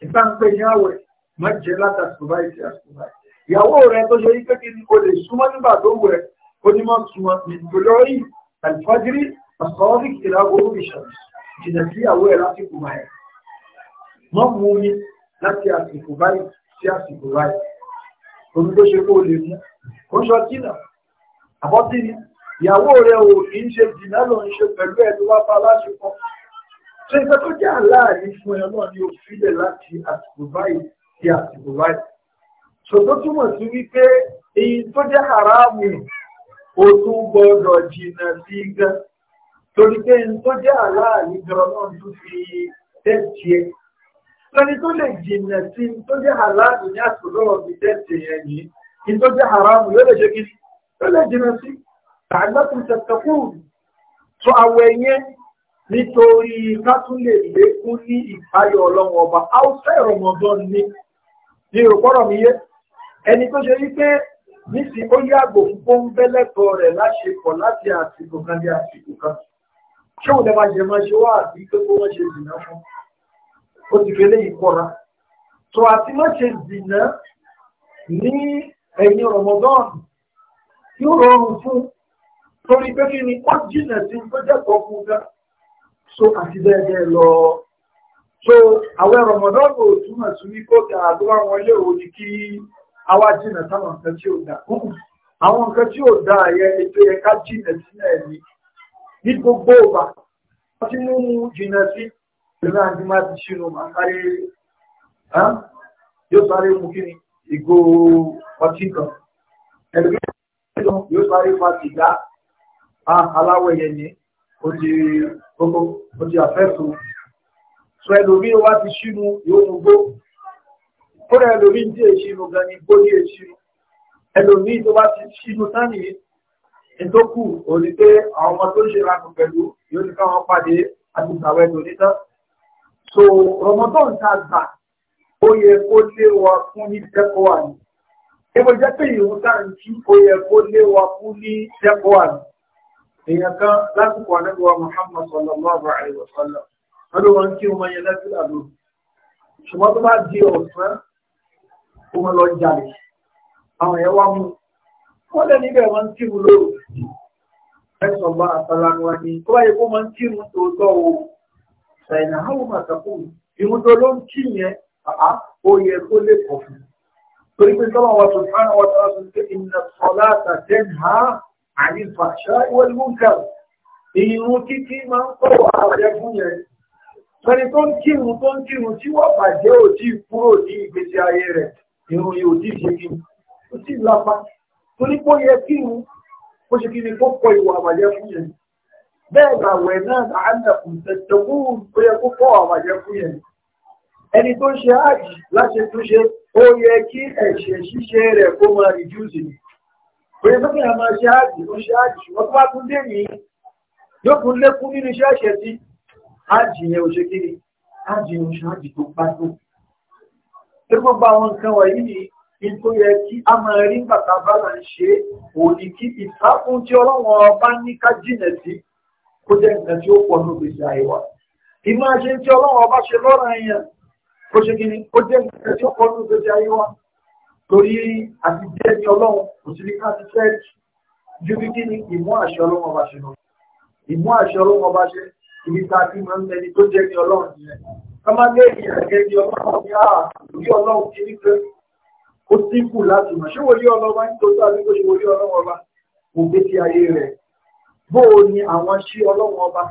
ìta ń pè ní àwẹ̀ má jẹ́ látàkùn báyìí sí àsùn báyìí ìyàwó rẹ tó ṣe pé kí ni o lè súnmọ́ nígbà tó wù ẹ ó ní máa súnmọ́ nínú lórí àlùfájírí àsọ́ọ́rì ìlà owó ìṣàlù jìnnà sí ìyàwó ẹ lásìkò báyìí mọ́ mú mi láti àsìkò báyìí sí àsìkò báyìí omi tó ṣe kó lè mú kó ń ìyàwó rẹ̀ ò kí ń ṣe jìnnà lọ ń ṣe pẹ̀lú ẹni wá pa aláṣepọ̀ ṣe nǹkan tó jẹ́ aláàrí fún ẹ náà ni òfìlẹ̀ láti àsìkò báyìí sí àsìkò báyìí ṣòtó túmọ̀ sí wípé èyí tó jẹ́ haramu ó tún gbọ́dọ̀ jìnnà sí gan torí pé n tó jẹ́ aláàrí gan náà tún fi tẹ̀sí ẹ lẹni tó lè jìnnà sí n tó jẹ́ aláàrí ní àsìkò lọ́wọ́ fi tẹ̀sí ẹ yìí n haramu yóò lè ṣe kí kàgbẹ́kùn tẹ̀tẹ̀kù tó àwẹ̀ yẹn nítorí kátún lè lékún ní ìpayọ̀ ọlọ́run ọba haúsá ìrọ̀mọ̀dán ni ní ìrọ̀pọ̀rọ̀ mi yé ẹni tó ṣe wípé nísì ó yàgò fún pọ́ńbẹ́lẹ́tọ̀ rẹ̀ láṣepọ̀ láti àsìkò kan dé àsìkò kan ṣé òun lè máa jẹ máa ṣe wá àbí pé kó wọ́n ṣe dìnnà fún ó ti fi eléyìí kọ́ra tó àti má ṣe dìnnà ní ẹ̀yìn rọ̀mọ̀dán yóò rọrùn fún torí pé kí ni ó jìnà sí tó jẹ́ kọ́ fún gá so àti bẹ́ẹ̀ lọ so àwọn Ramadan ò túmọ̀ sí ní kó dà àdúrà wọn lé òní kí àwa jìnà sáwọn nǹkan tí ò dà àwọn nǹkan tí ò dà yẹ ètò yẹ ká jìnà sí náà ní ní gbogbo ọba wọ́n ti mú jìnà sí ìlú àti má ti ṣinú yóò sáré mú kí ni ìgò ọtí kan ẹgbẹ́ yóò sáré fa sìgá aláwọ̀ ẹ̀yẹ ni ó ti gbogbo ó ti àfẹ́sù sọ ẹlòmí wá ti ṣínú yóò mú gbó kódà ẹlòmí tí èṣínú gan ni gbó ní èṣínú ẹlòmí tó bá ti ṣínú sáni ìtókù òní pé àwọn ọmọ tó ń ṣe lánàá pẹ̀lú yóò ní káwọn pàdé àti ìtàwẹ́ tó ní so rọmọdọ́n tá gbà ó yẹ kó lé wa fún ní tẹ́kọ̀ọ́ àná ebo jẹ́ pé ìrùn tá ń kí ó yẹ kó lé wa fún ní tẹ́kọ̀ọ́ àná èèyàn kan lásìkò àdẹ́gbẹ̀wá Muhammad sallallahu alaihi wa sallam lọ́dọ̀ wọn kí wọn yẹn lẹ́sìn àdó ṣùgbọ́n tó bá di ọ̀sán kó wọn lọ jalè àwọn yẹn wá mú wọn lẹ níbẹ̀ wọn ń kírun lóru ẹ̀sọ̀ bá àtàlànà ni tó bá yẹ kó wọn ń kírun tòótọ́ o ṣàyìnà àwọn màtàkù ìmúdó ló ń kí yẹn àá ó yẹ kó lè pọ̀ fún un torí pé sọ́wọ́n wa sùn fún àwọn ọ̀tá عن الفحشاء والمنكر irun kíkí máa ń kọ̀ wá ọ̀rẹ́ fún yẹn sọni tó ń kírun tó ń kírun tí wọ́n bàjẹ́ ò tí kúrò ní ìgbésí ayé rẹ̀ irun yìí ò tí ṣe kí ó sì lápá tó ní kó yẹ kírun ó ṣe kí ni kó kọ ìwà àbàjẹ́ fún yẹn bẹ́ẹ̀ làwẹ̀ náà láàánà kò tẹ̀tẹ̀kú ó yẹ kó kọ́ àbàjẹ́ fún yẹn ẹni tó ṣe áàjì láṣẹ ó yẹ kí ẹ̀ṣẹ̀ ṣíṣe rẹ̀ kó máa rìdíùsì ni Oye mọ́kí àmà ṣáàjì ló ṣáàjì ṣùgbọ́n tó bá tún dé ní yóò tún lékún nínú iṣẹ́ ẹ̀ṣẹ̀ tí ájì yẹn ò ṣe kiri, ájì yẹn ò ṣáàjì tó gbádùn. Tí gbogbo àwọn nǹkan wọ̀nyí ni in tó kí a máa rí bàtà bàbá ń ṣe òní kí ìtàkùn tí ọlọ́wọ́n ọba ní ká jìnà sí kó jẹ́ nǹkan tí ó pọ̀ ní torí àti jẹ́ ní ọlọ́run kò sí ní káàtì fẹ́ẹ̀tì ju bí kí ni ìmú àṣẹ ọlọ́run ọba ṣe lọ ìmú àṣẹ ọlọ́run ọba ṣe ibi tá a ti máa ń tẹni tó jẹ́ ní ọlọ́run nìyẹn ká má lé ìrẹ̀kẹ́ ní ọlọ́run ní àà ah, orí ọlọ́run kì í pé ó sínkù láti mọ̀ ṣé wòlíì ọlọ́run máa tó tó kó ṣe wòlíì ọlọ́run ọba kò gbé sí ayé rẹ̀ bó o ní àwọn ṣí ọlọ́run ọba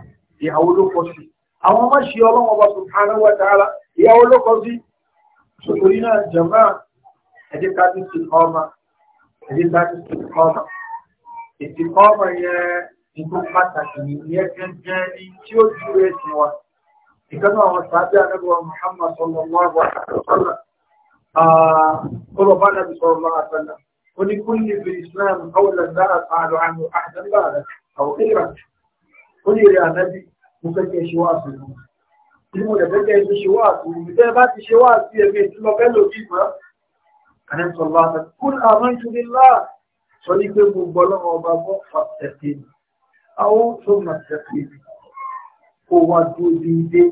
ìyàwó ló kọ sí àwọn má ṣí ọlọ́run ọba subhanahu wa ta'ala ìyàwó ló kọ sí sòtòrí náà jàmáà ẹ̀jẹ̀ ká ní ìsìnkọ́mà ẹ̀jẹ̀ ká ní ìsìnkọ́mà ìsìnkọ́mà yẹ nǹkan pàtàkì nìyẹn gẹ́gẹ́ ní tí ó ju ẹ̀sìn wa ìkànnì àwọn sàbí anábọ̀ Muhammad sallallahu alaihi wa sallam ọlọ́bàá nàbì sallallahu alaihi wa sallam ó ní kulli fil Islam qawlan la as'alu anhu ahadan ba'dak aw ghayrak ó ní ìrẹ̀ ànábì mo fẹ́ kẹ́ ṣe wá àtúntò ìmọ̀ ìdẹ̀fẹ́ kẹ́ ṣe wá àtúntò ìdẹ́ bá ti ṣe wá àti ẹ̀mí ìtúlọ́fẹ́ lòdì mọ́ àdẹ́sọ̀lá kún àmọ́ntúnilá sọ ní pé mo gbọ́ lọ́wọ́ ọba mọ́ fàtẹ̀tẹ̀ mi àwọn tó mà tẹ̀tẹ̀ mi kó wá dúró dídé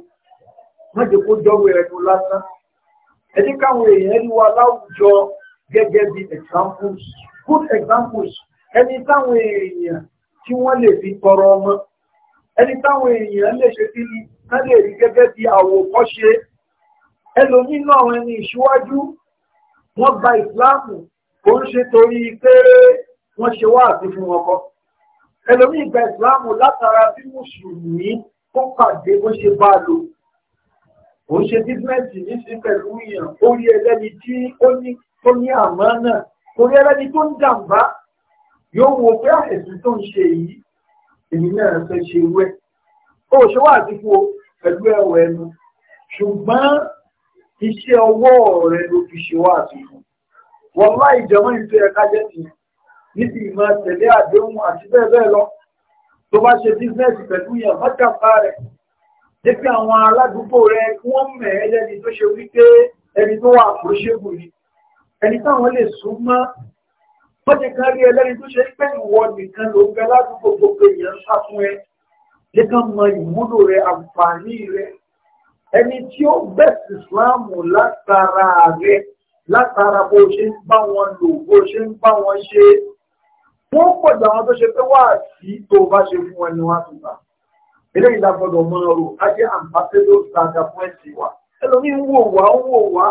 mọ́jẹ́ kó jọ́wọ́ ẹnu lásán ẹni káwọn èèyàn rí wa láwùjọ gẹ́gẹ́ bí examples good examples ẹni táwọn èèyàn tí wọ́n lè fi tọrọ ọmọ ẹni táwọn èèyàn lè ṣe bí ká lè rí gẹ́gẹ́ bí àwòkọ́ṣe ẹlòmínú àwọn ẹni ìṣíwájú wọ́n gba ìsìláàmù kò ń ṣe torí pé wọ́n ṣe wá àti fún wọn kọ́ ẹlòmí ìgbà ìsìláàmù látara bí mùsùlùmí kó pàdé bó ṣe bá a lò kò ń ṣe bísínẹ́sì nísìnyí pẹ̀lú yàn ó rí ẹlẹ́ni tí ó ní tó àmọ́ náà kò ẹlẹ́ni tó ń jàǹbá yóò wo pé àìsàn tó ń ṣe yìí èmi náà fẹ́ ṣe wẹ́ ó ṣe wá àti fún o pẹ̀lú ẹwà ẹnu ṣùgbọ́n iṣẹ́ ọwọ́ rẹ ló fi ṣe wá àtúntò wọ́n láì jẹmọ́ ìfẹ́ ẹ̀ka jẹ́ ti níbi ìmọ̀ tẹ̀lé àdéhùn àti bẹ́ẹ̀ bẹ́ẹ̀ lọ tó bá ṣe bísínẹ́sì pẹ̀lú yẹn mọ́tàpá rẹ̀ jẹ́ pé àwọn aládùúgbò rẹ̀ wọ́n mẹ̀ ẹ́ lẹ́ni tó ṣe wípé ẹni tó wà kó ṣégun ni ẹni táwọn lè sún mọ́ bọ́jẹ̀ kan rí ẹlẹ́ni tó ṣe pé ìwọ nìkan ló ń bẹ ládùúgbò gbogbo èèyàn ń sá fún ẹ jẹ́ ká mọ ìwúlò rẹ̀ àǹfààní rẹ̀ ẹni tí ó bẹ̀sì ìsìláàmù látara rẹ látara bó ṣe ń bá wọn lò bó ṣe ń bá wọn ṣe wọ́n pọ̀ jù àwọn tó ṣe pé wà sí tó bá ṣe fún wọn ni wọ́n ti gbà eléyìí lágbọ́dọ̀ mọ ọrọ̀ ajé àǹfààfẹ́lò gbàgbà fún ẹ̀sìn wa ẹlòmíì wò wá ń wò wá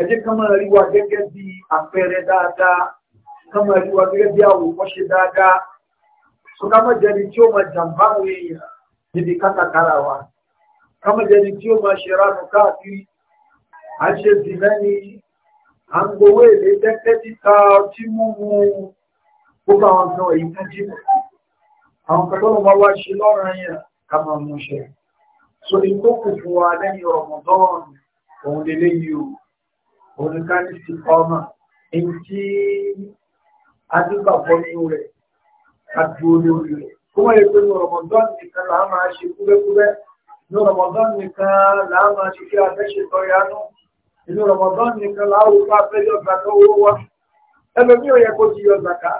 ẹ ká máa rí wa gẹ́gẹ́ bí àpẹẹrẹ dáadáa ká máa rí wa gẹ́gẹ́ bí àwòkọ́ṣe dáadáa sọ ká má jẹ́ni tí ó máa jàǹbá àwọn èèyàn níbi kátàkárà wa kámẹ́jẹni tí ó máa ṣe ránù káàkiri a ṣe sì mẹ́ni à ń gbowó èlé tẹ́tẹ́ títa ọtí múmu gbogbo àwọn nǹkan èyí àwọn kan tó lọ máa wá máa ṣe so Ramadan òun lélẹ́yìí o òun ká ní sí ọmọ èyí tí adúgbàfọ́ nínú rẹ̀ adúró Ramadan nìkan làá máa ṣe inú Ramadan nìkan láà máa ṣiṣẹ́ abẹ́ṣetọ́ ìyanu inú Ramadan nìkan láwùjọ abẹ́yọ̀ gbàgbọ́ owó wa ẹlòmí ò yẹ kó ti yọ zàkà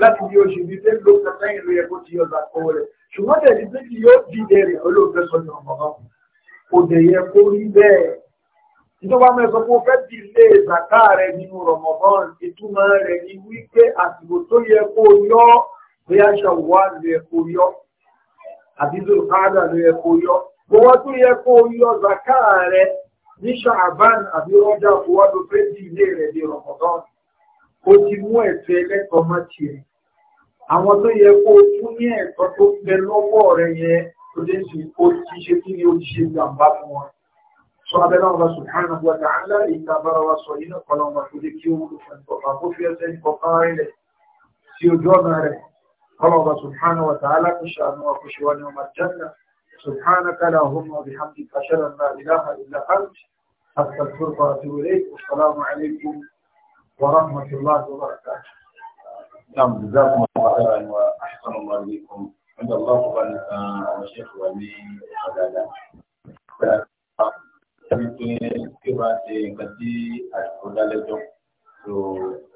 láti di oṣù bíi pé ló ń sẹ́yìn ló yẹ kó ti yọ zàkà rẹ̀ ṣùgbọ́n tẹ̀lé pé kí yóò dìde rẹ̀ olóògbé sọ ní Ramadan kò dẹ̀ yẹ kó rí bẹ́ẹ̀ ìjọba mẹ́sàn fún fẹ́ ti lé zàká rẹ̀ nínú Ramadan ìtumọ̀ rẹ̀ ní wípé àsìkò tó yẹ kó yọ bóyá ṣàwọ́ àlè kó yọ àbí ló káàdà ló yẹ kó yọ owó tó yẹ kó yọ zaka rẹ ní ṣàbán àbí rọjà owó tó fẹ́ di ilé rẹ̀ ní rọmọdán ó ti mú ẹ̀tọ́ ẹlẹ́tọ́ má tiẹ̀ àwọn tó yẹ kó fún ní ẹ̀tọ́ tó bẹ lọ́wọ́ rẹ yẹn tó dé sí ó ti ṣe kí ni ó ti ṣe jàǹbá fún wọn. صابنا الله سبحانه وتعالى إتابر وصينا قلنا كل كيوم فانقطع كفية فقائلة سيجوبنا فالله سبحانه وتعالى كشى أن وكشى أن يوم الجنة سبحانك لا هم وبحمدك أشهد أن لا إله إلا أنت حتى الفرقة إليك والسلام عليكم ورحمة الله وبركاته نعم جزاكم الله خيرا وأحسن الله إليكم عند الله سبحانه آه، الشيخ ولي وقدادة كما تقول كما تقول